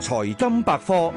財金百科，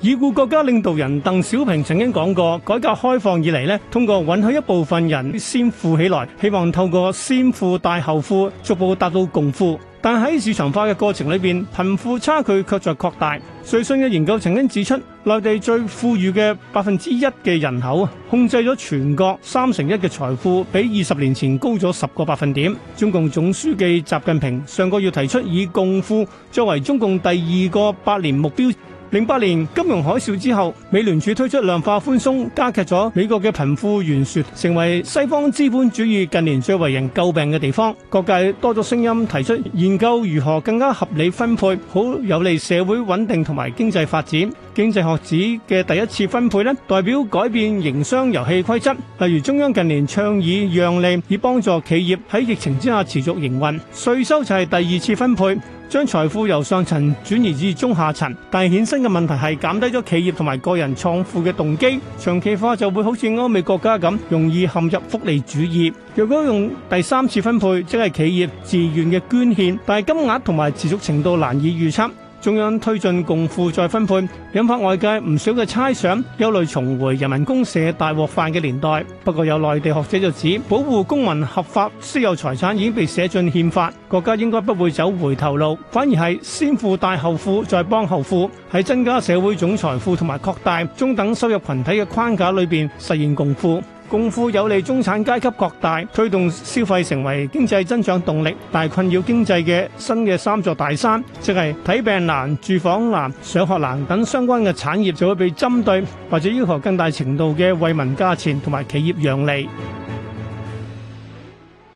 已故國家領導人鄧小平曾經講過，改革開放以嚟咧，通過允許一部分人先富起來，希望透過先富帶後富，逐步達到共富。但喺市場化嘅過程裏邊，貧富差距卻在擴大。瑞信嘅研究曾經指出，內地最富裕嘅百分之一嘅人口，控制咗全國三成一嘅財富，比二十年前高咗十個百分點。中共總書記習近平上個月提出，以共富作為中共第二個百年目標。零八年金融海嘯之後，美聯儲推出量化寬鬆，加劇咗美國嘅貧富懸殊，成為西方資本主義近年最為人詬病嘅地方。各界多咗聲音提出研究如何更加合理分配，好有利社會穩定同埋經濟發展。經濟學指嘅第一次分配咧，代表改變營商遊戲規則，例如中央近年倡議讓利，以幫助企業喺疫情之下持續營運，稅收就係第二次分配。將財富由上層轉移至中下層，但係衍生嘅問題係減低咗企業同埋個人創富嘅動機，長期化就會好似歐美國家咁，容易陷入福利主義。若果用第三次分配，即係企業自願嘅捐獻，但係金額同埋持續程度難以預測。中央推進共富再分配，引發外界唔少嘅猜想，憂慮重回人民公社大鍋飯嘅年代。不過有內地學者就指，保護公民合法私有財產已經被寫進憲法，國家應該不會走回頭路，反而係先富帶後富，再幫後富，喺增加社會總財富同埋擴大中等收入群體嘅框架裏邊實現共富。共富有利中產階級擴大，推動消費成為經濟增長動力，但係困擾經濟嘅新嘅三座大山，即係睇病難、住房難、上學難等相關嘅產業，就會被針對或者要求更大程度嘅惠民價錢同埋企業讓利。